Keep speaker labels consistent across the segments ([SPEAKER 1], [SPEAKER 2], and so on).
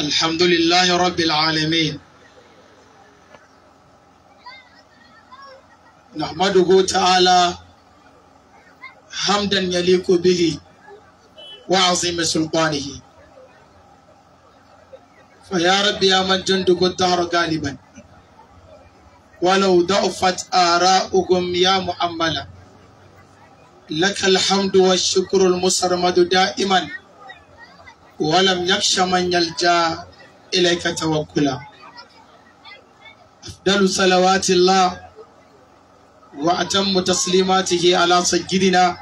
[SPEAKER 1] الحمد لله رب العالمين نحمده تعالى حمدا يليق به وعظيم سلطانه فيا رب يا من جندك الدهر غالبا ولو ضعفت آراؤكم يا محمد لك الحمد والشكر المسرمد دائما ولم يخش من يلجا إليك توكلا أفضل صلوات الله وأتم تسليماته على سيدنا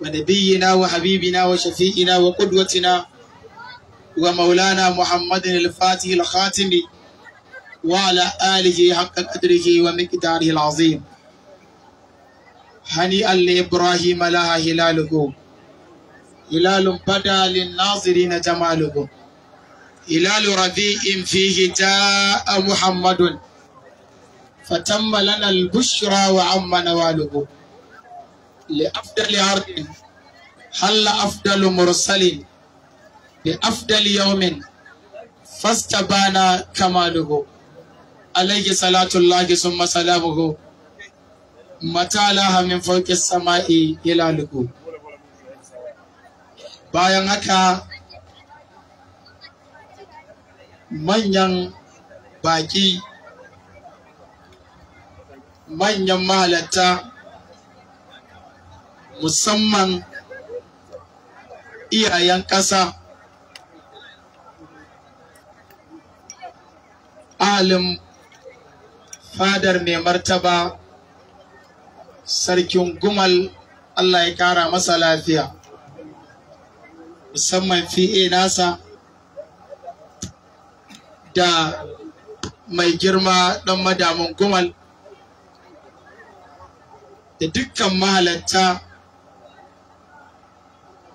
[SPEAKER 1] ونبينا وحبيبنا وشفيئنا وقدوتنا ومولانا محمد الفاتح الخاتم وعلى آله حق قدره ومقداره العظيم هنيئا لإبراهيم لها هلاله hilalun bada lin nazirina jamaluhu hilalu rabi'in fihi ja'a muhammadun fatamma lana al-bushra wa amma nawaluhu li afdali ardin halla afdalu mursalin bi afdali yawmin fastabana kamaluhu alayhi salatullahi summa salamuhu mata laha min fawqi as-sama'i hilaluhu bayan haka manyan baki manyan mahalatta musamman iyayen ƙasa alim, fadar mai martaba sarkin gumal Allah ya ƙara masa lafiya musamman fi'e nasa da mai girma ɗan madamin gumal da dukkan mahalarta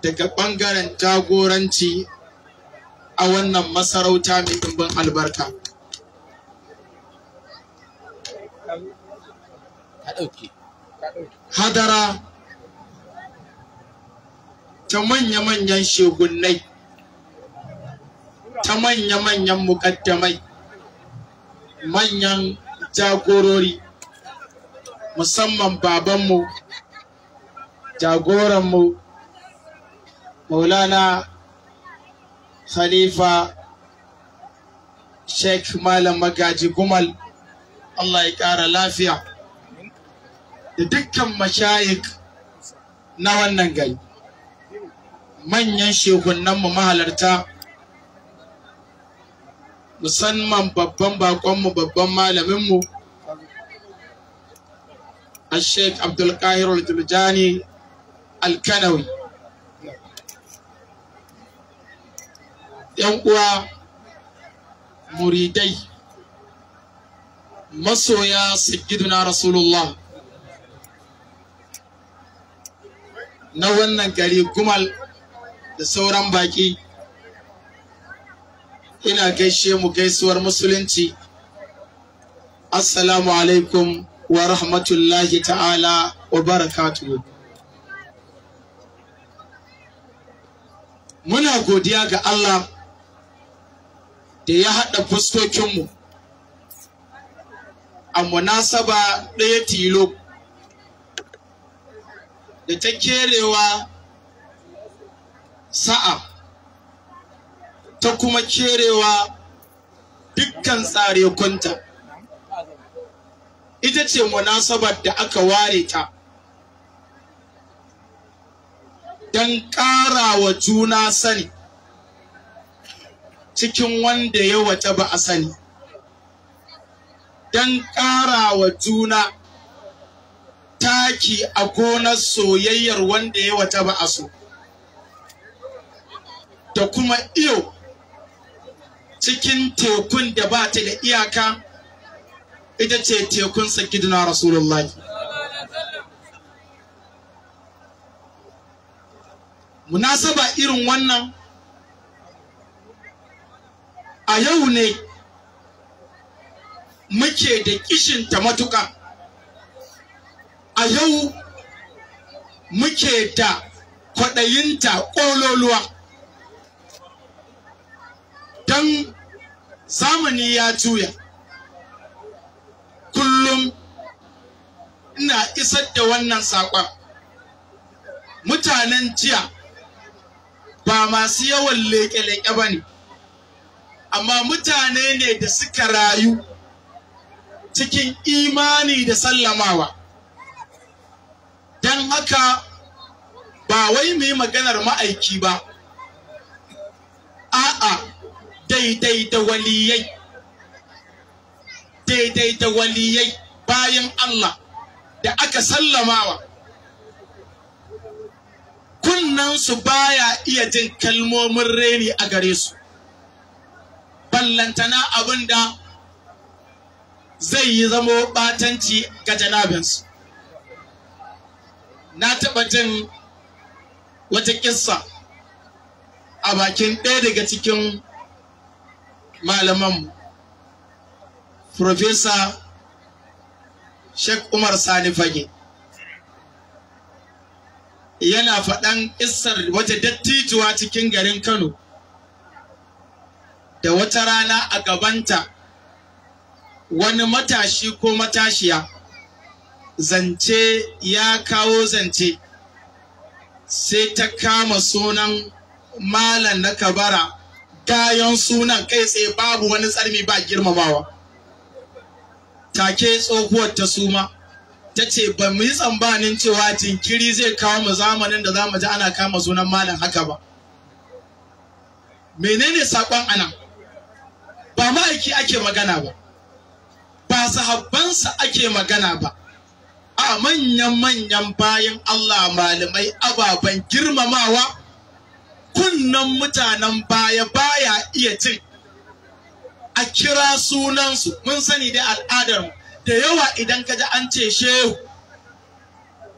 [SPEAKER 1] daga ɓangaren jagoranci a wannan masarauta mai ɗumbin albarka. Hadara ta manya-manyan shegunnai ta manya-manyan mukaddamai manyan jagorori musamman babanmu jagoranmu maulana khalifa sheikh malam magaji gumal allah ya ƙara lafiya da dukkan mashayik na wannan gari manyan shegunanmu mahalarta musamman babban bakonmu babban malaminmu a sheik abdulkahir al-tuljani alkanawi yan uwa muridai masoya sayyiduna rasulullah na wannan gari gumal da sauran baƙi ina gaishe mu gaisuwar musulunci assalamu alaikum wa rahmatullahi ta'ala wa barakatuhu muna godiya ga Allah da ya haɗa fuskokinmu a munasaba ɗaya tilo da ta kerewa Sa'a, ta kuma kerewa dukkan tsare kunta ita ce munasabar da aka ware ta don ƙara wa juna sani cikin wanda ya wata ba a sani don ƙara wa juna taki a gonar soyayyar wanda ya wata ba a so da kuma iyo cikin tekun da ba ta da iyaka ita ce tekun sakidina rasulullahi munasaba irin wannan a yau ne muke da kishinta matuka a yau muke da kwaɗayinta ƙololuwa don zamani ya juya kullum ina isar da wannan saƙon mutanen jiya ba masu yawan leƙe-leƙe ba ne amma mutane ne da suka rayu cikin imani da sallamawa don haka ba wai mai maganar ma'aiki ba a'a daidai da waliyai daidai da waliyai bayan Allah da aka sallamawa kunnansu baya iya jin kalmomin reni a gare su ballantana abin da zai yi zamo batanci ga janabinsu na taɓa jin wata kissa a bakin ɗaya daga cikin malaman Profesa Sheikh Umar Sani Fage yana faɗan issar wata dattijuwa cikin garin Kano da wata rana a gabanta wani matashi ko matashiya zance ya kawo zance sai ta kama sunan malam na kabara Kayan sunan kai sai babu wani tsarmi ba girmamawa take tsohuwar ta suma ta ce ba mu yi tsambanin cewa jinkiri zai kawo mu zamanin da za mu ji ana kama sunan malam haka ba menene saƙon ana ba ma'aiki ake magana ba ba sahabbansa ake magana ba a manyan manyan bayan Allah malamai ababen girmamawa kunnan mutanen baya baya iya jin a kira sunansu mun sani da al'adar da yawa idan ji an ce shehu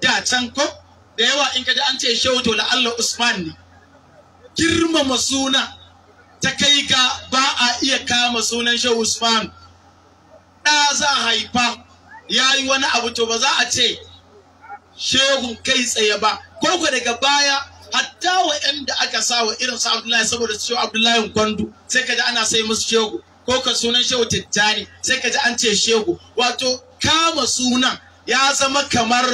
[SPEAKER 1] da can ko da yawa in ji an ce shehu to Allah usman ne girmama suna ta kai ka ba a iya kama sunan shehu usman Da za haifa ya yi wani abu to ba za a ce shehun kai tsaye ba ko daga baya hatta da aka sa wa irin su Abdullahi saboda su Abdullahi kwandu sai kaji ana sai musu shegu ko ka sunan shehu Tijjani sai kaji an ce shegu wato kama sunan ya zama kamar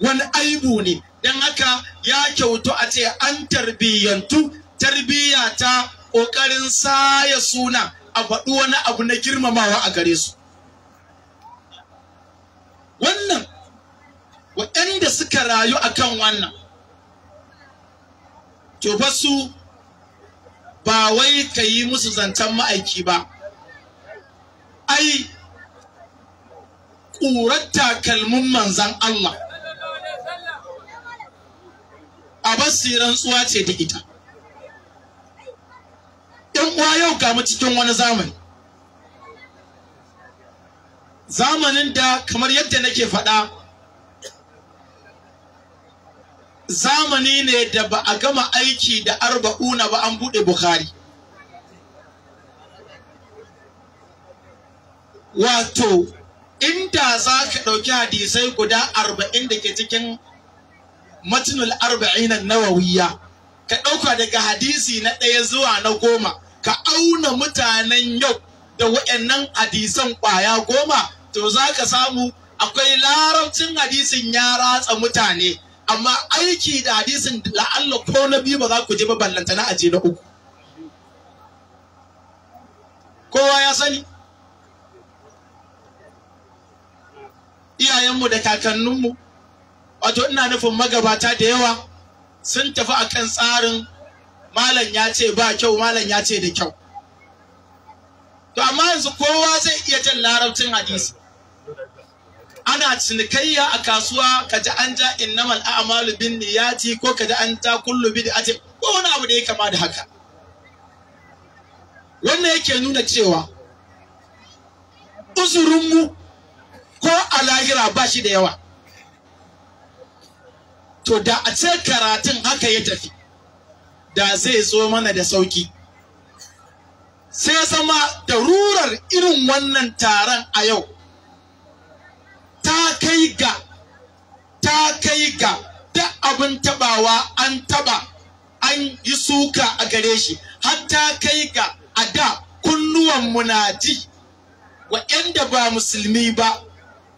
[SPEAKER 1] wani aibu ne dan haka ya kyautu a ce an tarbiyyantu tarbiyya ta ƙoƙarin saya suna a faɗi wani abu na girmamawa a gare su wannan waɗanda suka rayu akan wannan to fa su ba wai ka yi musu zancen ma'aiki ba ai ƙurar takalmin manzan Allah a basiran tsuwa ce da ita ɗan uwa yau ga cikin wani zamani zamanin da kamar yadda nake faɗa zamani ne da ba a gama aiki da arba'una ba an buɗe Bukhari. Wato, inda za ka ɗauki hadisai guda arba'in da ke cikin matinul arba'in na nawawiya, ka ɗauka daga hadisi na ɗaya zuwa na goma, ka auna mutanen yau da nan hadisan ƙwaya goma, to za ka samu akwai larabcin hadisin ya ratsa mutane. amma aiki da hadisin la'alla ko na biyu ba za ku je ba ballantana a je na uku kowa ya sani iyayenmu da kakanninmu wato ina nufin magabata da yawa sun tafi a kan tsarin malam ya ce ba kyau malam ya ce da kyau to amma yanzu kowa zai iya jan larabcin hadisi ana cinikayya a kasuwa kaji an ja innamal a'malu bin niyati ko ji an ta kullu bid'ati ko wani abu da ya kama da haka wannan yake nuna cewa uzurinmu ko a lahira ba shi da yawa to da a ce karatun haka ya tafi da zai zo mana da sauki sai zama darurar irin wannan taron a yau ta kai ga ta kai ga da abin tabawa an taba an yi suka a gare shi har ta kai ga a da kunnuwan munaji waɗanda ba musulmi ba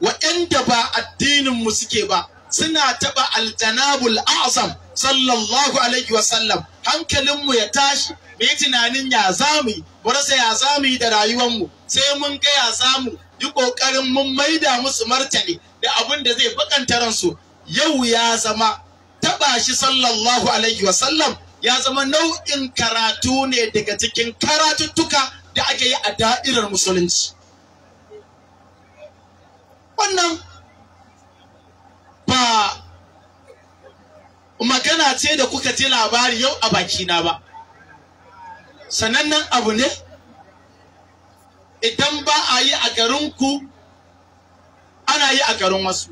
[SPEAKER 1] waɗanda ba addinin mu suke ba suna taba aljanabul azam sallallahu alaihi wasallam hankalinmu ya tashi mai tunanin ya zamu mu rasa ya zamu da rayuwarmu sai mun ga ya zamu yi ƙoƙarin mun maida musu martani da abin da zai bakanta ransu yau ya zama taɓa shi sallallahu alaihi wasallam ya zama nau'in karatu ne daga cikin karatuttuka da ake yi a da'irar musulunci wannan ba magana ce da kuka ji labari yau a bakina ba sanannen abu ne idan ba a yi a garinku ana yi a garin wasu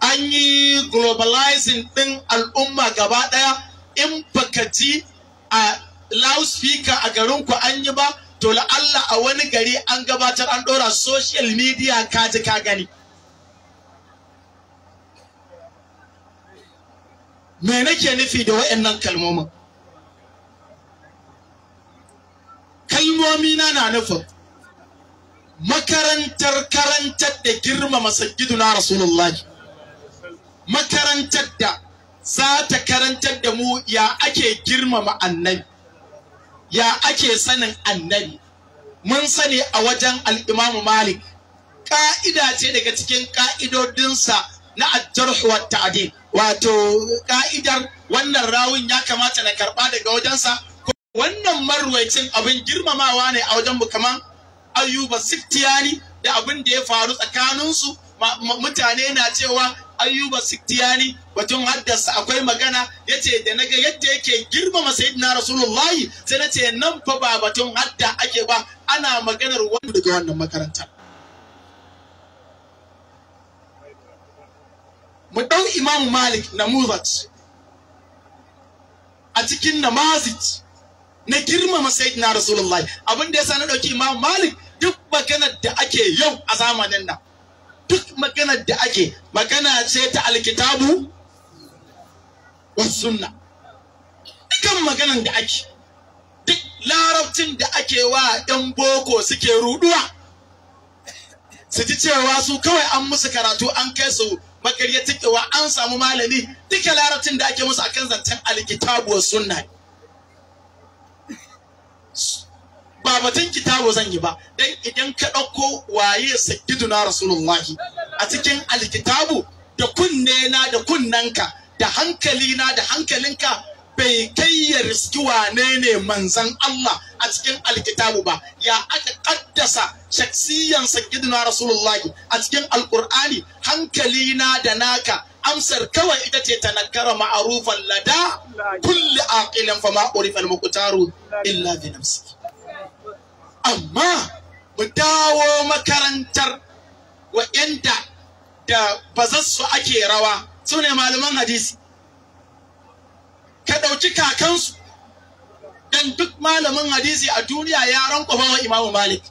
[SPEAKER 1] an yi globalizing ɗin al'umma gaba ɗaya in baka ji a loudspeaker a garinku an yi ba to la'alla a wani gari an gabatar an ɗora social media ka ji ka gani me nake nufi da wa'annan kalmomin kalmomi na na nufin makarantar karantar da girmama na rasulullahi makarantar da za ta karantar da mu ya ake girmama annabi ya ake sanin annabi mun sani a wajen al'imamu malik ƙa'ida ce daga cikin ƙa'idodinsa na ajarhu wa ta'dil wato ƙa'idar wannan rawun ya kamata na karɓa daga wajensa wannan marwaicin abin girmamawa ne a wajen mu kaman ayuba siktiyani da abin da ya faru tsakaninsu mutane na cewa ayuba siktiyani batun haddasa akwai magana ya ce da naga yadda yake girmama sayyidina rasulullahi sai na ce nan fa ba batun hadda ake ba ana maganar wani daga wannan makarantar mu ɗau imamu malik na muzat a cikin namazit na girmama sayyidina rasulullahi abin da sa na ɗauki imamu malik duk maganar da ake yau a zamanin nan duk maganar da ake magana ce ta alkitabu wasu sunna dukkan maganar da ake duk larabcin da ake wa yan boko suke ruduwa su ji cewa su kawai an musu karatu an kai su tikewa an samu malami duka larabcin da ake musu akan zancen alkitabu wasu sunna ba batun kitabo zan yi ba dan idan ka ɗauko waye sayyiduna rasulullahi a cikin alkitabu da kunne na da kunnanka da hankali na da hankalinka bai kai ya riski wane ne manzan Allah a cikin alkitabu ba ya aka kaddasa shaksiyan sayyiduna rasulullahi a cikin alkur'ani hankali na da naka amsar kawai ita ce tanakkara ma'arufan lada kulli aqilin fama urifal muqtaru illa bi nafsihi amma mu dawo makarantar wa'yanda da bazassu ake rawa su ne malaman hadisi ka ɗauki kakansu don duk malamin hadisi a duniya ya rankwafa wa imamu malik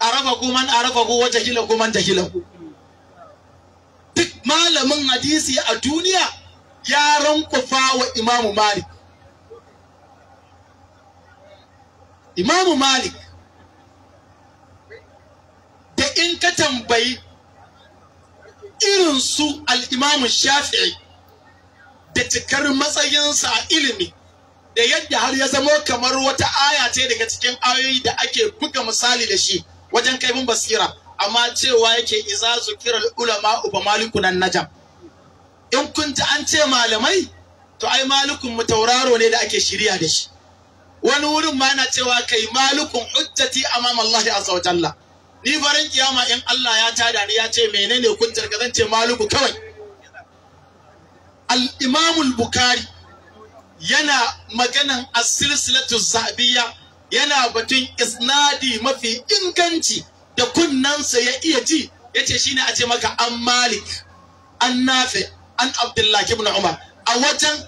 [SPEAKER 1] arafa kuman arafa ku wajen hila kuman da hila ku duk malamin hadisi a duniya ya rankwafa wa imamu malik imamu malik da in ka tambayi irin su al'imamu shafi'i da cikar matsayinsa a ilimi da yadda har ya zamo kamar wata aya ce daga cikin ayoyi da ake buga misali da shi wajen kaifin basira amma cewa yake iza zukirar ulama uba malikunan najam in kunta an ce malamai to ai malikun mu tauraro ne da ake shirya da shi wani wurin ma yana cewa kai malukun hujjati amama Allah azza wa Allah. ni farin kiyama in Allah ya tada ni ya ce menene kunjar ka zan ce maluku kawai Al'imamul imam bukhari yana maganan as-silsilatu yana batun isnadi mafi inganci da kunnansa ya iya ji yace shine a ce maka an malik an nafi an abdullahi ibn umar a wajen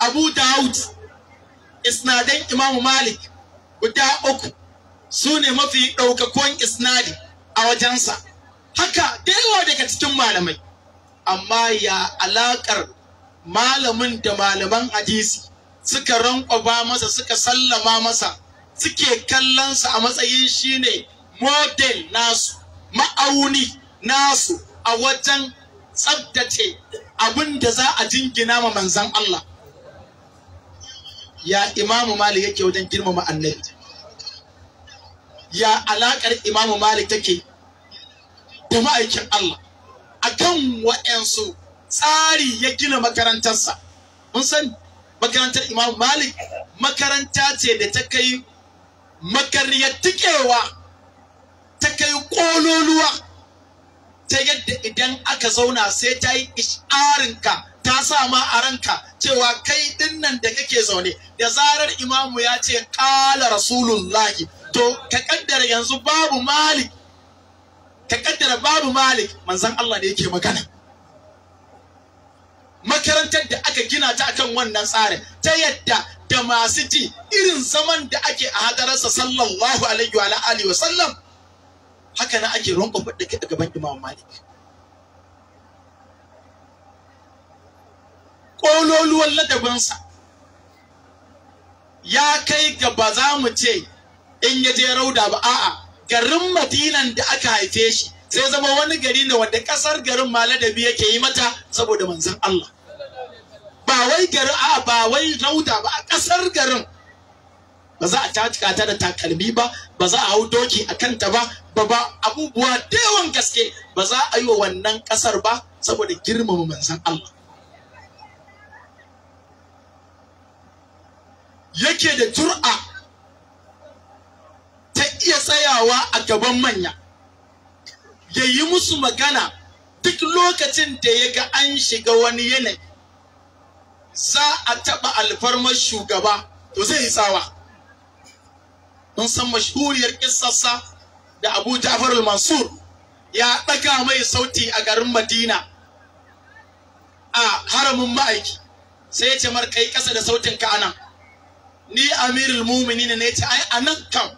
[SPEAKER 1] abu daud isnadan imamu malik guda uku su ne mafi ɗaukakon isnadi a wajensa haka da yawa daga cikin malamai amma ya alaƙar malamin da malaman hadisi suka rankwaba masa suka sallama masa suke kallonsa a matsayin shine model nasu ma'auni nasu a wajen tsabtace abin da za a jingina ma manzan Allah ya imamu malik yake wajen girmama annabi ya alakar imamu malik take da ma'aikin Allah A kan wa'ansu tsari ya gina makarantarsa mun san makarantar imamu malik makaranta ce da ta kai makariyar tikewa ta kai kololuwa ta yadda idan aka zauna sai ta yi isharinka ta sa ma a ranka cewa kai din nan da kake zaune da zarar imamu ya ce qala rasulullahi to ka kaddara yanzu babu malik ka kaddara babu malik manzon Allah ne yake magana makarantar da aka gina ta akan wannan tsarin ta yadda da masu ji irin zaman da ake a hadararsa sallallahu alaihi wa alihi wa sallam haka na ake ronko faɗi gaban imamu malik ƙololuwan ladabinsa ya kai ga ba za mu ce in ya je rauda ba a'a garin madinan da aka haife shi sai zama wani gari ne wanda ƙasar garin ma ladabi yake yi mata saboda manzon Allah ba wai garin a ba wai rauda ba a ƙasar garin ba za a taka ta da takalmi ba ba za a hau doki a kanta ba ba ba abubuwa da yawan gaske ba za a yi wa wannan ƙasar ba saboda girmama manzon Allah yake da tur'a ta iya tsayawa a gaban manya ya yi musu magana duk lokacin da ya ga an shiga wani yanayi za a taɓa alfarmar shugaba to zai yi tsawa mun san mashuriyar kissarsa da abu ja'far mansur ya ɗaga mai sauti a garin madina a haramin ma'aiki sai ya ce mar ƙasa da sautin ka ni amirul mumini ne ce ai a nan kam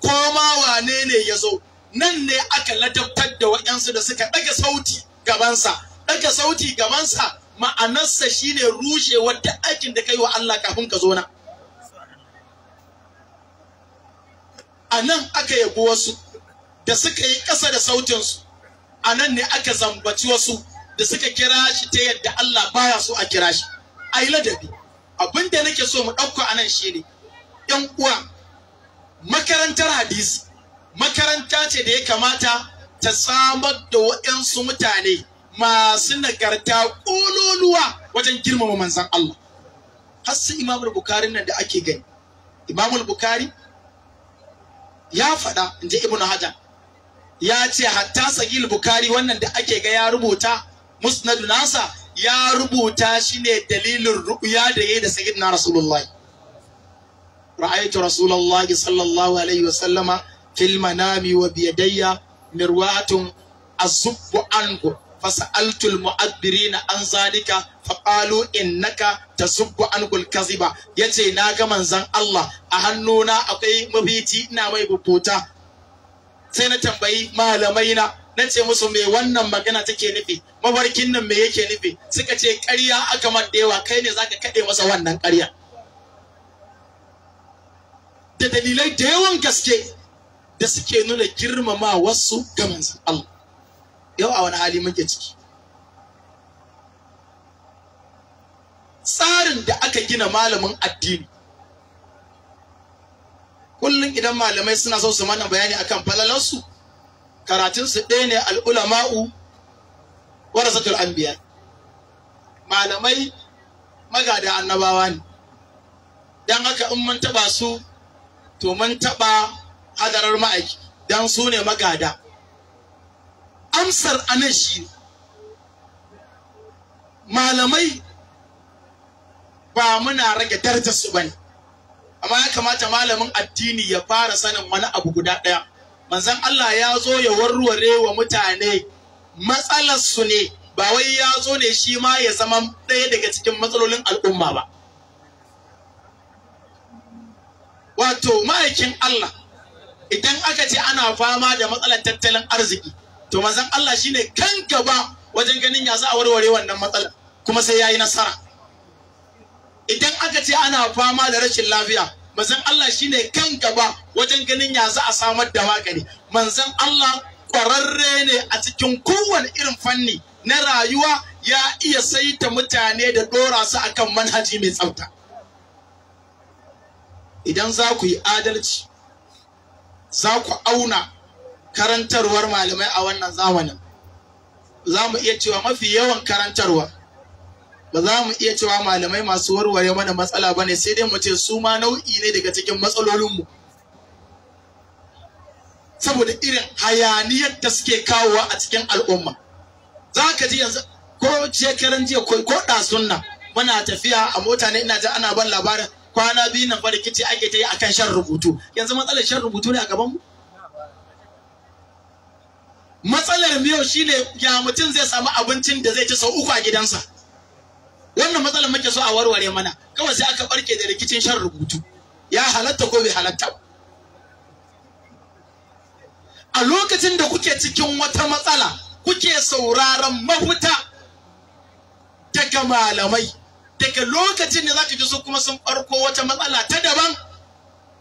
[SPEAKER 1] ko ma wane ne ya zo nan ne aka ladabtar da waɗansu da suka ɗaga sauti gabansa ɗaga sauti gabansa ma'anarsa shine rushewar wata aikin da kai wa Allah kafin ka zo na a nan aka yabo wasu da suka yi ƙasa da sautinsu a nan ne aka zambaci wasu da suka kira shi ta yadda Allah baya so a kira shi Ayi ladabi abin da nake so mu ɗauka anan ne. yan uwa makarantar hadisi makaranta ce da ya kamata ta samar da waɗansu mutane masu nagarta ƙololuwa wajen girmama manzan Allah har su imamul bukari nan da ake gani imamul bukari ya faɗa in ji ibnu hajar ya ce hatta sagil bukari wannan da ake ga ya rubuta musnadu nasa ya rubuta shi ne dalilin ru'ya da ya da sayid na rasulullahi ra'aitu rasulullahi sallallahu alaihi wasallama fil manami wa biyadayya mirwatun azubbu anku fasa'altu almu'addirina an zalika fa qalu innaka tasubbu anku alkaziba yace na ga manzan Allah a hannuna akwai mabici ina mai bubuta sai na tambayi malamai na na ce musu me wannan magana take nufi mafarkin nan me yake nufi suka ce ƙarya aka yawa kai ne zaka kaɗe masa wannan karya. da dalilai da yawan gaske da suke nuna girmama wasu ga manzon Allah yau a wani hali muke ciki tsarin da aka gina malamin addini kullum idan malamai suna so su mana bayani akan falalansu karatunsu ɗaya ne al'ulama'u warasatul anbiya malamai magada annabawa ne don haka in mun taɓa su to mun taɓa hadarar ma'aiki don su ne magada amsar anan shi malamai ba muna rage su ba ne amma ya kamata malamin addini ya fara sanin wani abu guda ɗaya manzon Allah ya zo ya warware wa mutane matsalarsu ne ba wai ya zo ne shi ma ya zama ɗaya daga cikin matsalolin al'umma ba wato ma'aikin Allah idan aka ce ana fama da matsalar tattalin arziki to manzon Allah shi ne kan gaba wajen ganin ya za a warware wannan matsala kuma sai ya yi nasara idan aka ce ana fama da rashin lafiya manzon Allah shine kan gaba wajen ganin ya za a samar da magani manzon Allah ƙwararre ne a cikin kowane irin fanni na rayuwa ya iya saita mutane da dora su akan manhaji mai tsafta idan za ku yi adalci za ku auna karantarwar malamai a wannan zamanin za mu iya cewa mafi yawan karantarwa ba za mu iya cewa malamai masu warware mana matsala ba ne sai dai mu ce su ma nau'i ne daga cikin matsalolinmu saboda irin hayaniyar da suke kawowa a cikin al'umma za ka ji yanzu ko shekaran jiya ko da sunna muna tafiya a mota ne ina ji ana ban labarin kwana biyu nan bari kici ake ta yi akan shan rubutu yanzu matsalar shan rubutu ne a gaban mu matsalar miyau shine ya mutum zai samu abincin da zai ci sau uku a gidansa wannan matsalar muke so a warware mana kawai sai aka barke da rikicin shan rubutu ya halatta ko bai halatta ba a lokacin da kuke cikin wata matsala kuke sauraron mafuta daga malamai daga lokacin da za ka ji su kuma sun farko wata matsala ta daban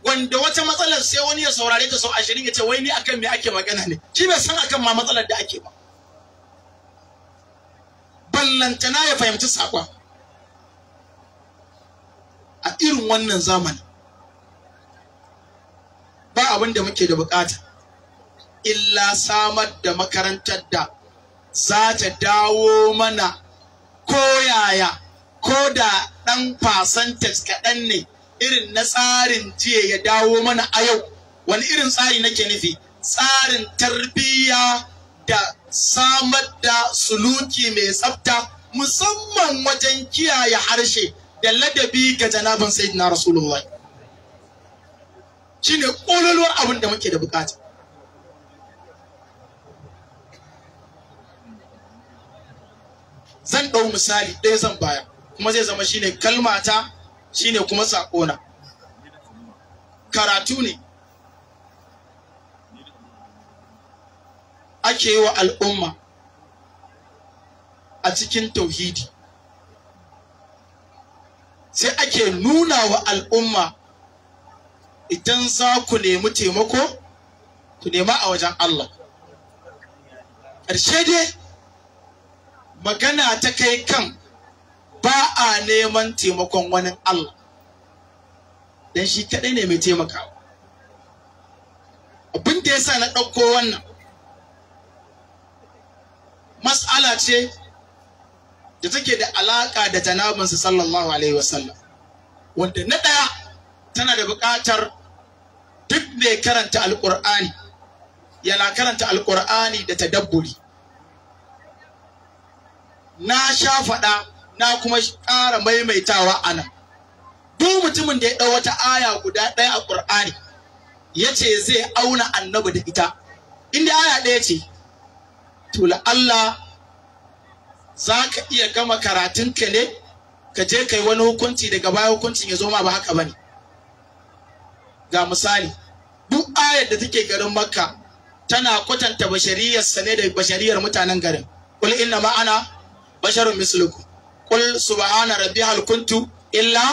[SPEAKER 1] wanda wata matsalar sai wani ya saurare ta sau ashirin ya ce wai ni akan me ake magana ne shi bai san akan ma matsalar da ake ba ballantana ya fahimci saƙon a irin wannan zamani ba abin da muke da bukata illa samar da makarantar da za ta dawo mana koyaya ko da ɗan fasantas kaɗan ne irin na tsarin jiya ya dawo mana a yau wani irin tsari nake nufi tsarin tarbiyya da samar da suluki mai tsafta musamman wajen kiyaye harshe da ladabi ga janaban na rasulullahi shine kololuwar abin da muke da bukata zan ɗau misali ɗaya zan baya kuma zai zama shine kalmata shine kuma sakona, karatu ne ake yi wa al'umma a cikin tauhidi sai ake nuna wa al'umma idan za ku nemi taimako ku nema a wajen Allah ƙarshe dai magana ta kai kan ba a neman taimakon wani Allah don shi kaɗai ne mai taimakawa abin da ya sa na ɗauko wannan mas'ala ce da take da alaƙa da janabinsa sallallahu alaihi wasallam wanda na ɗaya tana da buƙatar duk mai karanta alƙur'ani yana karanta alƙur'ani da tadabburi na sha faɗa na kuma ƙara maimaitawa a nan duk mutumin da ya ɗau wata aya guda ɗaya a ƙur'ani ya ce zai auna annabi da ita inda aya ɗaya ce to Allah za ka iya gama karatunka ne ka je kai wani hukunci daga baya hukuncin ya zo ma ba haka bane ga misali duk ayar da take garin makka tana kwatanta bashariyar ne da bashariyar mutanen garin kul inna ma ana basharun misluku kul subhana rabbi illa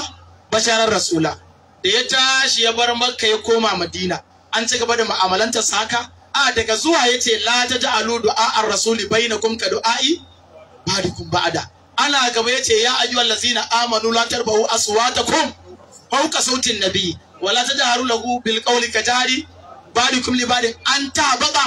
[SPEAKER 1] basharar rasula da ya tashi ya bar makka ya koma madina an ci gaba da mu'amalantar haka a daga zuwa yace la taj'alu du'a ar-rasuli bainakum ka du'a'i ba'dikum ba'da ana gaba yace ya ayyuhal ladzina amanu la tarbahu aswatakum fawqa sautin nabi wala tajharu lahu bil qawli kajari ba'dikum li ba'din an tabaqa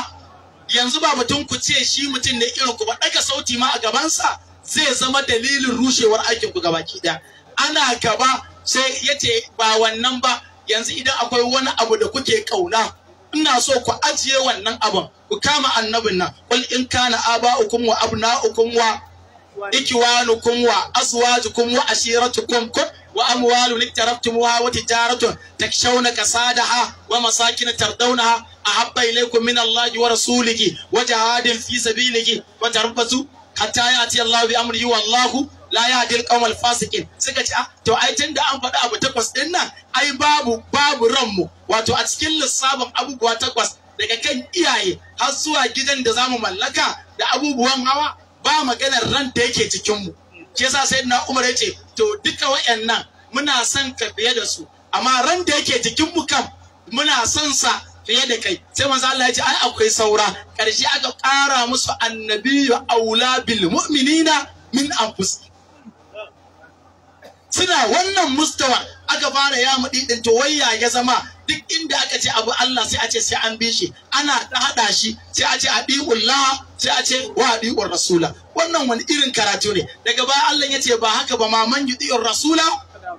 [SPEAKER 1] yanzu ba mutun ku ce shi mutum ne irin ku ba daga sauti ma a gabansa zai zama dalilin rushewar aikin ku gabaki daya ana gaba sai yace ba wannan ba yanzu idan akwai wani abu da kuke kauna ina so ku ajiye wannan abun ku kama annabin nan qul in kana aba'ukum wa abna'ukum wa ikiwanukum wa aswajukum wa ashiratukum kun wa amwalu niktaraftumuha wa tijaratun takshawna kasadaha wa masakin tardawnaha ahabba ilaykum min Allahi wa rasulihi wa jihadin fi sabilihi wa tarbasu hatta yati Allahu bi amrihi wa Allahu la yahdi al-qawma al-fasiqin suka ce ah to ai tunda an faɗi abu takwas din nan ai babu babu mu. wato a cikin lissafin abubuwa takwas daga kan iyaye har zuwa gidan da zamu mallaka da abubuwan hawa ba maganar ran da yake cikin mu shi yasa sai na Umar ya to duka wayannan muna son ka fiye da su amma ran da yake cikin mu kam muna son sa fiye da kai sai manzo Allah ya ai akwai saura karshe aka ƙara musu annabiyyu aula bil mu'minina min anfus suna wannan mustawa aka fara ya mu din to wayya ya zama duk inda aka ce abu Allah sai a ce sai an bi shi ana ta hada shi sai a ce adiullah sai a ce wa rasula wannan wani irin karatu ne daga baya Allah ya ce ba haka ba ma man yudi'ur rasula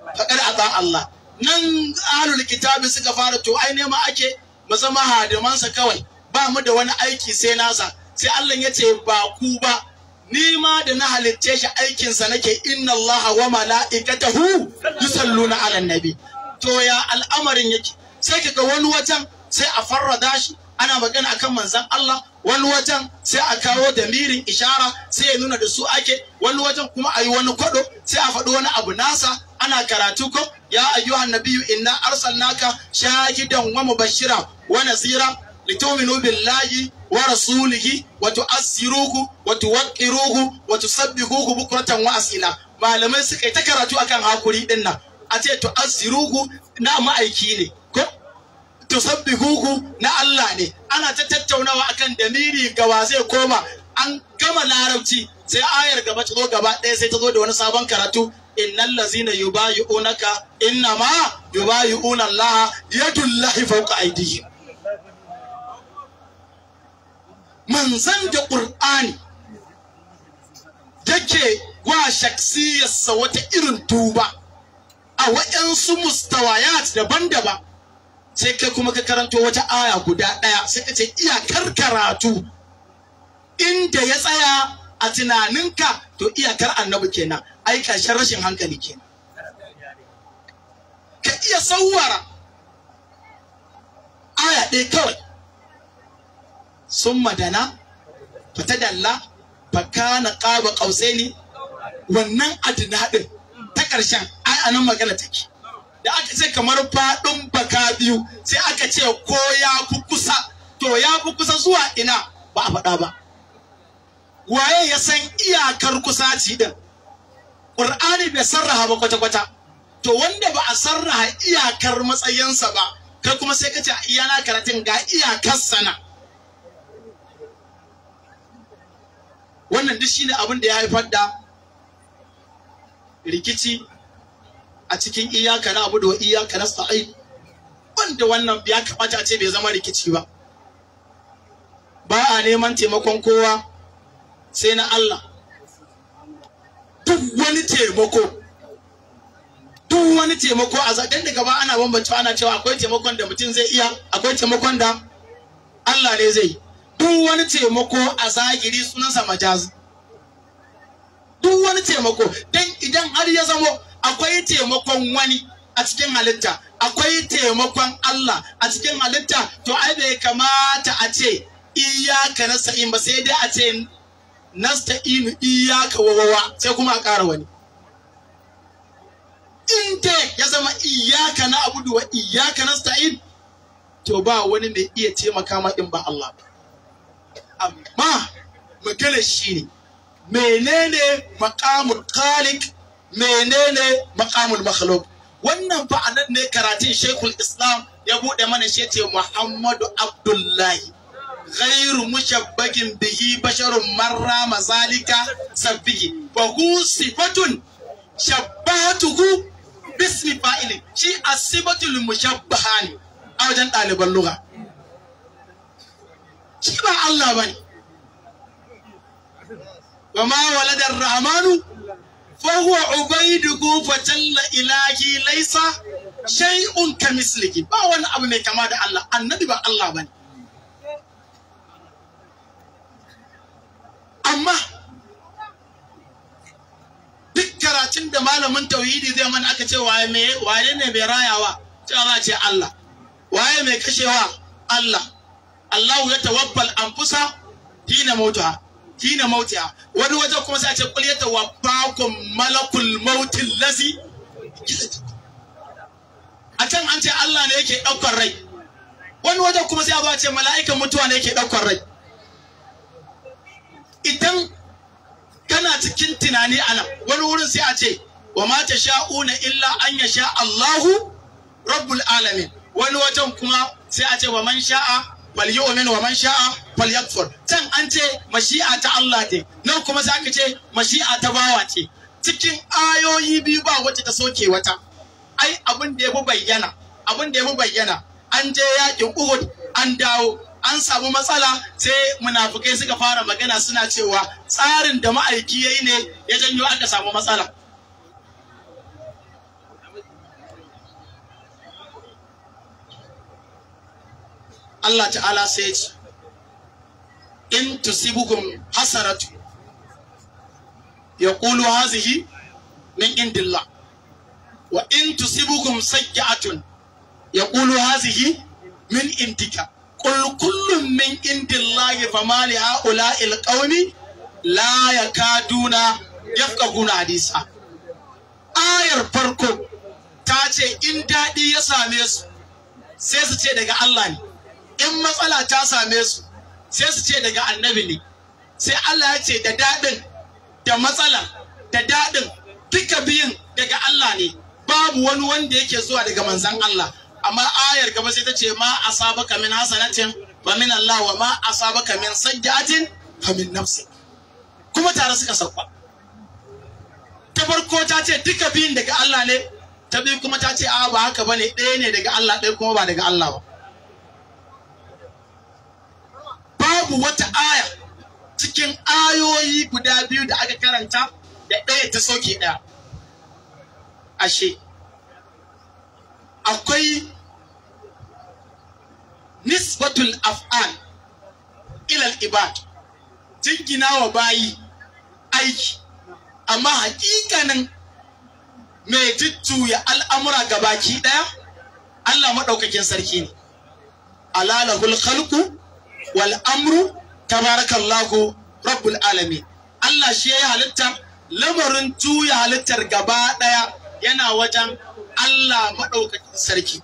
[SPEAKER 1] a ata Allah nan ahlul kitabi suka fara to ai ne ma ake mu zama hadimansa kawai ba mu da wani aiki sai nasa sai Allah ya ce ba ku ba ni ma da na halitce shi aikinsa nake inna Allah wa mala'ikatahu yusalluna ala nabi to ya al'amarin yake sai kaga wani wajen sai a farrada shi ana magana akan manzan Allah wani wajen sai a kawo damirin ishara sai ya nuna da su ake wani wajen kuma a yi wani kwado sai a faɗi wani abu nasa ana karatu ko ya ayyuhan nabiyyu inna arsalnaka shahidan wa wani wa nasira litu'minu billahi wa rasulihi wa tu'assiruhu wa tuwaqqiruhu wa tusabbihuhu bukratan wa asila malamai suka yi ta karatu akan hakuri nan, a ce tu'assiruhu na ma'aiki ne tusabbihuhu na Allah ne ana ta tattaunawa akan damiri wa zai koma an gama larabci sai ayar gaba ta zo gaba ɗaya sai ta zo da wani sabon karatu innal lazina yubayi'unaka innama yubayi'una Allah yadullahi fawqa aydihim manzan da qur'ani yake wa shaksiyarsa wata irin tuba a waɗansu mustawayat daban-daban sai kai kuma ka karanto wata aya guda ɗaya sai ka ce iyakar karatu inda ya tsaya a tunaninka to iyakar annabi kenan ai ƙarshen rashin hankali kenan ka iya sauwara aya ɗaya kawai sun madana fata dalla ka na ƙaba ƙausai ne wannan adina ɗin ta ƙarshen ai anan magana take da aka ce kamar faɗin baka biyu sai aka ce ko ya ku kusa to ya ku kusa zuwa ina ba a faɗa ba waye ya san iyakar kusaci din ƙur'ani bai sarraha ba kwata-kwata to wanda ba a sarraha iyakar matsayinsa ba kai kuma sai ka ce iya na karatun ga iyakar sana wannan duk shine abin da ya haifar da rikici a cikin iyaka na abu da iyaka na sa'ai wanda wannan ya kamata a ce bai zama rikici ba ba a neman taimakon kowa sai na Allah duk wani taimako duk wani taimako a zaɗin daga ba ana bambancewa ana cewa akwai taimakon da mutum zai iya akwai taimakon da Allah ne zai duk wani taimako a zagiri sunansa majaz duk wani taimako dan idan har ya zamo akwai taimakon wani a cikin halitta akwai taimakon Allah a cikin halitta to ai bai kamata a ce iyaka nasta'in ba sai dai a ce nasta'inu iyaka wawawa sai kuma a ƙara wani in te ya zama iyaka na abudu wa iyaka nasta'in to ba wani mai iya taimaka ma in ba Allah ba amma maganar shi ne menene maƙamul khaliq menene makamul makhluk wannan fa anan ne karatun shekul islam ya bude mana shi ce muhammadu abdullahi ghairu mushabbakin bihi basharun marra mazalika sabbihi wa hu sifatun shabbatuhu bismi fa'ilin shi asibatul mushabbahan ne a wajen ɗaliban lugha shi ba Allah bane wa ma waladar rahmanu fahuwa ubaidukum fatalla ilahi laisa sha'i, shay'un kamislihi ba wani abu mai kama da Allah annabi ba Allah bane amma duk karatun da malamin tauhidi zai mana aka ce waye me waye ne mai rayawa ce Allah ce Allah waye mai kashewa Allah Allahu ya tawabbal anfusa hina mautuha hina mautiha wani waje kuma sai a ce kul wa malakul mautin lazi a can an ce Allah ne yake ɗaukar rai wani waje kuma sai a ce mala'ikan mutuwa ne yake ɗaukar rai idan kana cikin tunani anan wani wurin sai a ce wa ma sha'una illa an ya Allahu rabbul alamin wani wajen kuma sai a ce wa man sha'a falyu'min wa man sha'a falyakfur can an ce mashi'a ta Allah ce nan kuma za ka ce mashi'a ta bawa ce cikin ayoyi biyu ba wacce ta soke wata ai abin da ya bayyana abin da ya bayyana an je yakin Uhud an dawo an samu matsala sai munafukai suka fara magana suna cewa tsarin da ma'aiki yayi ne ya janyo aka samu matsala Allah ta'ala sai ce in tusibukum hasaratu yaqulu hazihi min indillah wa in tusibukum sayyi'atun yaqulu hazihi min indika qul kullun min fa ma li ha'ula'i alqawmi la yakaduna yafqahuna hadisa ayar farko ta ce in daɗi ya same su sai su ce daga Allah ne in matsala ta same su sai su ce daga annabi ne sai Allah ya ce da daɗin da matsala da daɗin duka biyun daga Allah ne babu wani wanda yake zuwa daga manzan Allah amma ayar gaba sai ta ce ma asabaka min hasanatin wa min Allah wa ma asabaka min sayyi'atin fa min nafsi kuma tare suka sauka ta farko ta ce duka biyun daga Allah ne ta biyu kuma ta ce a ba haka bane ɗaya ne daga Allah ɗaya kuma ba daga Allah ba babu wata aya cikin ayoyi guda biyu da aka karanta da ɗaya ta sauke ɗaya ashe akwai nisbatul af'an ilal ibad jingina wa bayi aiki amma hakikanin mai ya al'amura ga baki ɗaya Allah maɗaukakin sarki ne alalahul khalqu wal amru tabarakallahu rabbul alami. Allah shi ya halitta lamarin tuya halittar gaba daya yana wajen Allah maɗaukakin sarki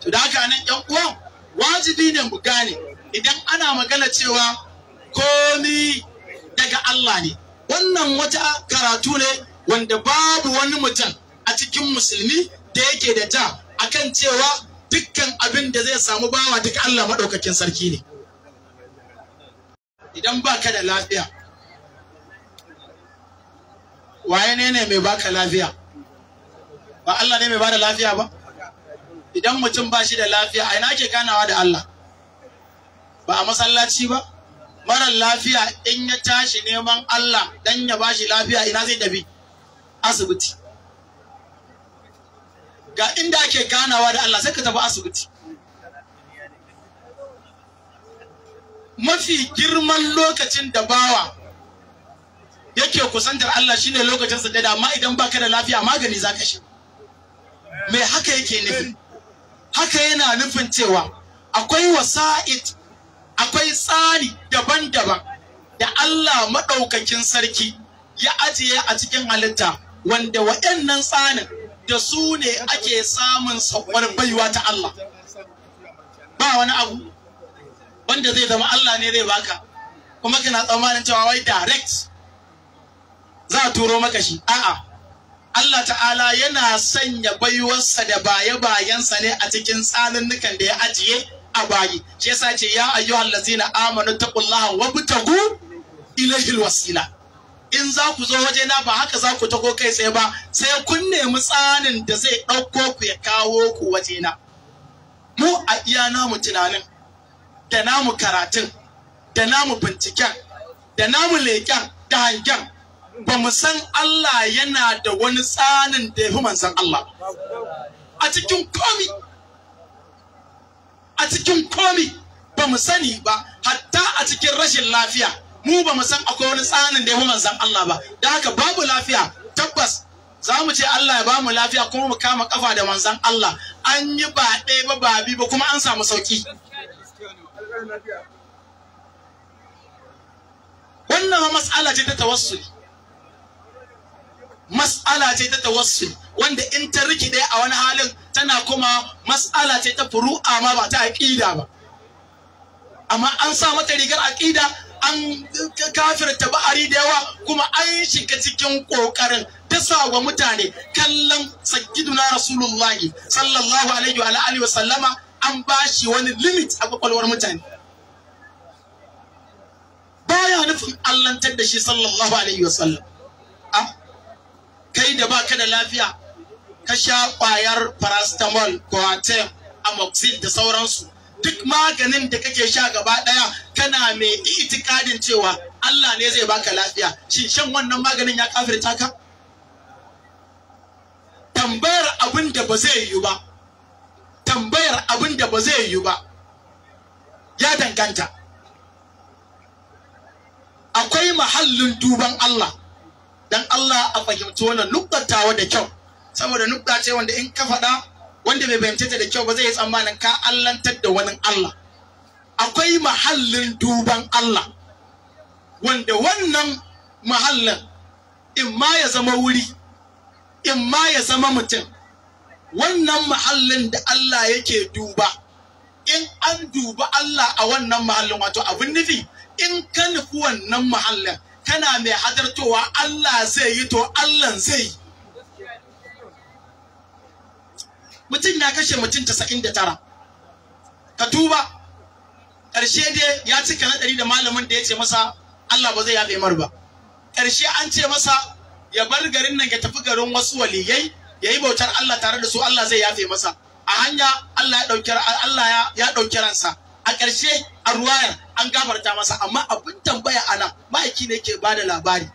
[SPEAKER 1] to da haka nan 'yan uwa wajibi ne mu gane idan ana magana cewa komi daga Allah ne wannan wata karatu ne wanda babu wani mutum a cikin musulmi da yake da ta akan cewa dukkan abin da zai samu bawa duk Allah maɗaukakin sarki ne idan baka da lafiya waye ne ne mai baka lafiya ba Allah ne mai bada lafiya ba idan mutum ba shi da lafiya a ina ke ganawa da Allah ba a masallaci ba mara lafiya in ya tashi neman Allah dan ya ba shi lafiya ina zai tafi asibiti ga inda ake ganawa da Allah sai ka tafi asibiti mafi girman lokacin da bawa yake kusantar Allah shine lokacin sa da amma idan baka da lafiya magani zaka sha me haka yake nufi haka yana nufin cewa akwai wasa'id akwai tsari daban-daban da Allah maɗaukakin sarki ya ajiye a cikin halitta wanda waɗannan tsanin da su ne ake samun sakwar baiwa ta Allah ba wani abu wanda zai zama Allah ne zai baka kuma kana tsammanin cewa wai direct za a turo maka shi a'a Allah ta'ala yana sanya baiwarsa da baye-bayensa ne a cikin tsanannukan da ya ajiye a bayi shi yasa ce ya ayyuhal ladzina amanu taqullaha wabtagu ilayhil wasila in za ku zo waje na ba haka za ku tago kai tsaye ba sai kun nemi tsanin da zai ɗauko ku ya kawo ku waje na mu a iya namu tunanin da namu karatun da namu binciken da namu leƙen da hangen ba mu san Allah yana da wani tsanin da ya fi manzan Allah a cikin komi a cikin komi ba mu sani ba hatta a cikin rashin lafiya mu ba mu san akwai wani tsanin da ya fi manzan Allah ba da haka babu lafiya tabbas za mu ce Allah ya ba mu lafiya kuma mu kama kafa da manzan Allah an yi ba ɗaya ba ba bi ba kuma an samu sauki wannan mas'ala ce ta tawassuli mas'ala ce ta tawassuli wanda in ta riki rikide a wani halin tana kuma mas'ala ce ta furu'a ma ba ta aqida ba amma an sa mata rigar aqida an kafirta ba'ari da yawa kuma an shiga cikin kokarin dasa wa mutane kallon sayyiduna rasulullahi sallallahu alaihi wa alihi wa sallama an bashi wani limit a kwakwalwar mutane baya nufin allantar da shi sallallahu alaihi wasallam a kai da baka da lafiya ka sha kwayar paracetamol Coartem, amoxil da sauransu duk maganin da kake sha gaba daya kana mai itikadin cewa Allah ne zai baka lafiya shin shan wannan maganin ya kafirta ka tambayar abin da ba zai yi ba tambayar abin da ba zai yiwu ba ya danganta akwai mahallin duban Allah dan Allah a fahimci wannan nukatawa da kyau saboda nukta ce wanda in ka faɗa wanda bai fahimce ta da kyau ba zai yi tsammanin ka allantar da wani Allah akwai mahallin duban Allah wanda wannan mahallin in ma ya zama wuri in ma ya zama mutum wannan mahallin da Allah yake duba in an duba Allah a wannan mahallin wato abin nufi in ka nufi wannan muhallin kana mai hadartowa Allah zai yi to Allah zai mutum ya kashe mutum tasa'in da tara ka tuba ƙarshe dai ya cika na ɗari da malamin da ya ce masa Allah ba zai yafe mar ba ƙarshe an ce masa ya bar garin nan ya tafi garin wasu waliyai ya yi bautar Allah tare da su Allah zai yafe masa a hanya Allah ya ɗauki ransa a ƙarshe a ruwaya an gafarta masa amma abin tambaya a nan ma'aiki ne ke bada labari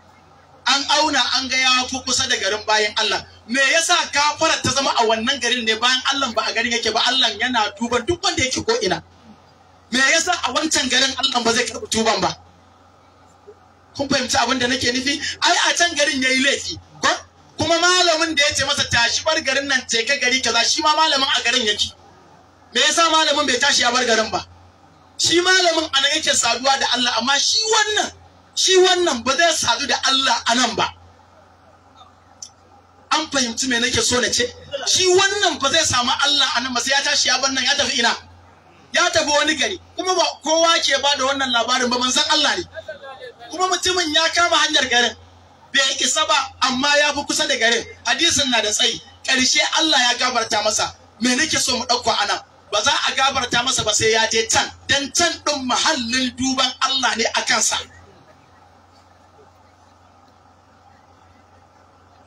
[SPEAKER 1] an auna an ga ya fi kusa da garin bayan Allah me yasa gafarar ta zama a wannan garin ne bayan Allah ba a garin yake ba Allah yana tuban duk wanda yake ko ina me yasa a wancan garin Allah ba zai karɓi tuban ba kun fahimci abin da nake nufi ai a can garin yayi laifi kuma malamin da ya ce masa tashi bar garin nan ce ka gari kaza shi ma malamin a garin yake me yasa malamin bai tashi ya bar garin ba shi malamin anan yake saduwa da Allah amma shi wannan shi wannan ba zai sadu da Allah anan ba an fahimci me nake so na ce shi wannan ba zai samu Allah anan ba sai ya tashi ya bar nan ya tafi ina ya tafi wani gari kuma ba kowa ke ba da wannan labarin ba san Allah ne kuma mutumin ya kama hanyar garin bai isa ba amma ya fi kusa da garin hadisin na da tsayi ƙarshe Allah ya gabarta masa me nake so mu ɗauko anan ba za a gabarta masa ba sai ya je can dan can ɗin mahallin duban Allah ne a kansa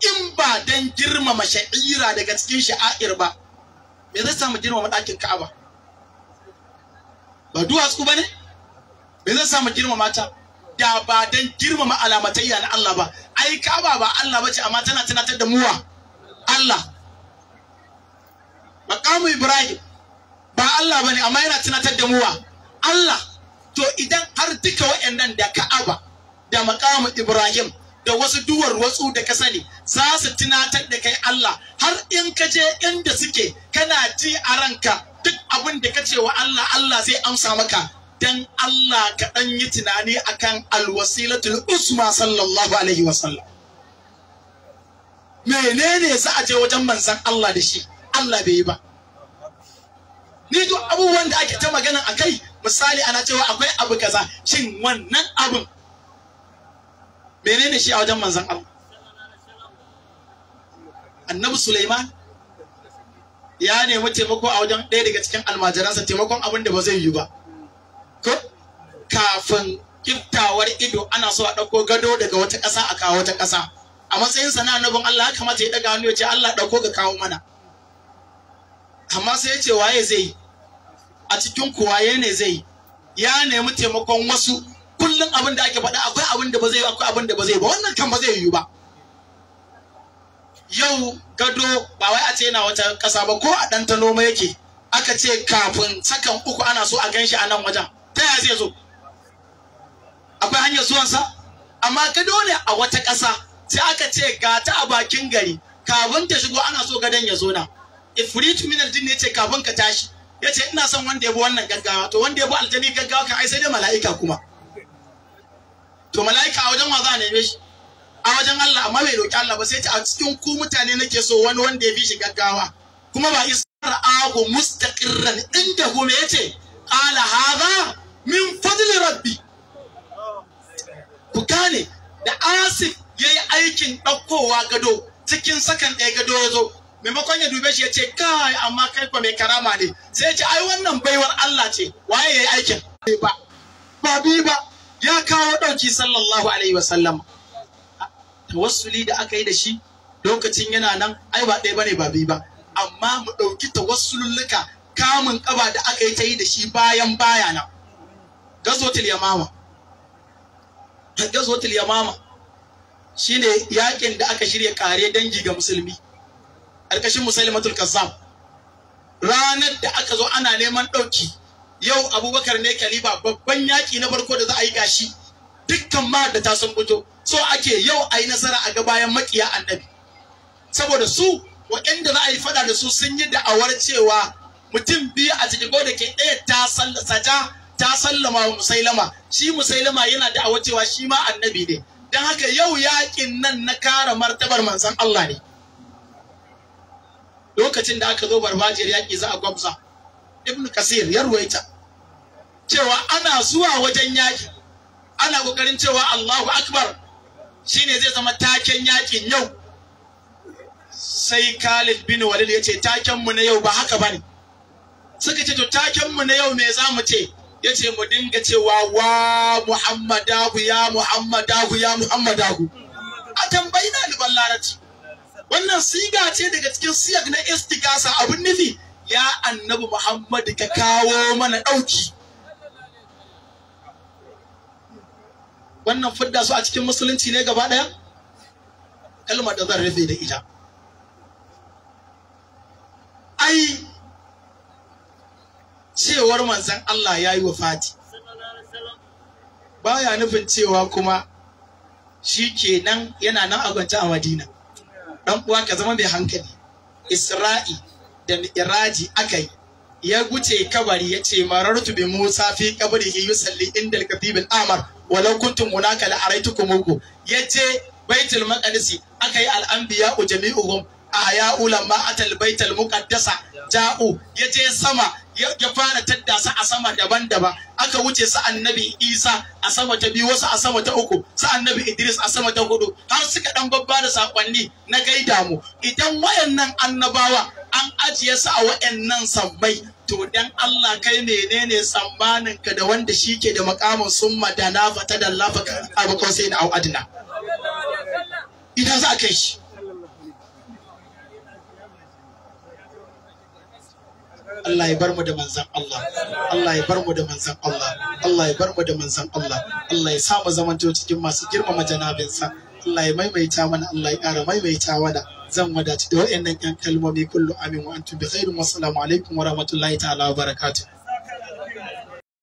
[SPEAKER 1] in ba dan girmama sha'ira daga cikin sha'air ba me zai samu girmama ɗakin ka'aba ba duwatsu ba ne me zai samu girmama ta da ba dan girmama alamatayya na Allah ba ai ka'aba ba Allah bace amma tana tunatar da muwa Allah maqamu Ibrahim ba Allah bane amma yana tunatar da muwa. Allah to idan har duka waɗannan da Ka'aba da maqamu Ibrahim da wasu duwar watsu da ka sani za su tunatar da kai Allah har in ka je inda suke kana ji a ranka duk abin da ka ce wa Allah Allah zai amsa maka dan Allah ka dan yi tunani akan alwasilatul usma sallallahu alaihi wasallam menene za a je wajen manzon Allah da shi Allah bai yi ba ni duk abubuwan da ake ta magana a kai misali ana cewa akwai abu kaza shin wannan abun? menene shi a wajen manzan Allah annabi Sulaiman ya nemi taimako a wajen ɗaya daga cikin almajiransa taimakon abin da ba zai yi ba ko kafin kiftawar ido ana so a ɗauko gado daga wata ƙasa a kawo wata ƙasa a matsayin sana annabin Allah ya kamata ya ɗaga hannu ya ce Allah ɗauko ka kawo mana amma sai ya ce waye zai yi a cikin kuwaye ne zai ya nemi taimakon wasu kullum abin da ake faɗa akwai abin da ba zai akwai abin da ba zai ba wannan kan ba zai yiwu ba yau gado ba wai a ce yana wata ƙasa ba ko a ɗan ta noma yake aka ce kafin sakan uku ana so a gan shi a nan wajen ta yaya zai zo akwai hanyar zuwansa amma gado ne a wata ƙasa sai aka ce ga ta a bakin gari kafin ta shigo ana so gadon ya zo na ifrit minal din ne ce kafin ka tashi ya ce ina son wanda ya bi wannan gaggawa to wanda ya bi aljani gaggawa kan ai sai dai mala'ika kuma to mala'ika a wajen wa za a neme shi a wajen Allah amma bai roki Allah ba sai ta a cikin ku mutane nake so wani wanda ya bi shi gaggawa kuma ba isra'ahu mustaqirran inda kuma yace qala hadha min fadli rabbi ku gane da asif yayi aikin ɗaukowa gado cikin sakan ɗaya gado ya zo maimakon ya dube shi ya ce kai amma kai fa mai karama ne sai ya ce ai wannan baiwar Allah ce waye yayi aikin ba ba bi ba ya kawo dauki sallallahu alaihi wasallam tawassuli da aka yi da shi lokacin yana nan ai ba ɗaya bane ba bi ba amma mu ɗauki tawassululluka kamun kaba da aka yi ta yi da shi bayan baya nan gazotul yamama gazotul yamama shine yakin da aka shirya kare dangi ga musulmi ƙarƙashin musailimatul kazzab ranar da aka zo ana neman ɗauki yau abubakar ne kaliba babban yaƙi na farko da za a yi gashi dukkan ma da ta sun fito so ake yau a yi nasara a ga bayan maƙiya annabi saboda su waɗanda za a yi faɗa da su sun yi da'awar cewa mutum biyu a cikin da ke ɗaya ta ta sallama wa musailama shi musailama yana da'awar cewa shi ma annabi ne don haka yau yaƙin nan na kara martabar manzon Allah ne lokacin da aka zo barbajiyar yaƙi za a gwabza ibn kasir ya ruwaita cewa ana zuwa wajen yaƙi ana ƙoƙarin cewa allahu akbar shine zai zama taken yaƙin yau sai khalid bin walid ya ce takenmu na yau ba haka ba ne suka ce to takenmu na yau me za mu ce ya ce mu dinga cewa wa muhammadahu ya muhammadahu ya muhammadahu a tambayi ɗaliban larabci wannan siga ce daga cikin siyar na istigasa abin nufi ya annabi muhammadu ka kawo mana ɗauki wannan fudda su a cikin musulunci ne gaba ɗaya kalmar da zan rufe da ita ai cewar manzan Allah ya yi wa fati baya nufin cewa kuma shi kenan yana nan a a madina dan uwa ka zama mai hankali isra'i da iraji aka ya guce kabari ya ce marartu bi musa fi kabari yusalli inda al-khatib amar walau kuntum munaka la araitukum ya ce baitul maqdis aka yi al-anbiya jami'uhum ahya atal baitul muqaddasa ja'u ya je sama ya fara tadda su a sama daban-daban aka wuce su annabi isa a sama ta biyu wasu a sama ta uku su annabi idris a sama ta hudu har suka dan babba da sakonni na gaida mu idan wayannan annabawa an ajiye su a wayannan sabbai to dan Allah kai menene tsammanin ka da wanda shike da makamin summa da na fata da lafa abu kosai na au idan za kai shi Allah ya bar mu da manzan Allah Allah ya bar mu da manzan Allah Allah ya bar mu da manzan Allah Allah ya sa mu zamanto cikin masu girmama janabinsa Allah ya maimaita mana Allah ya ƙara maimaita mana zan wadaci da waɗannan 'yan kalmomi kullu amin wa antum bi khairin wassalamu alaikum wa rahmatullahi ta'ala wa barakatuh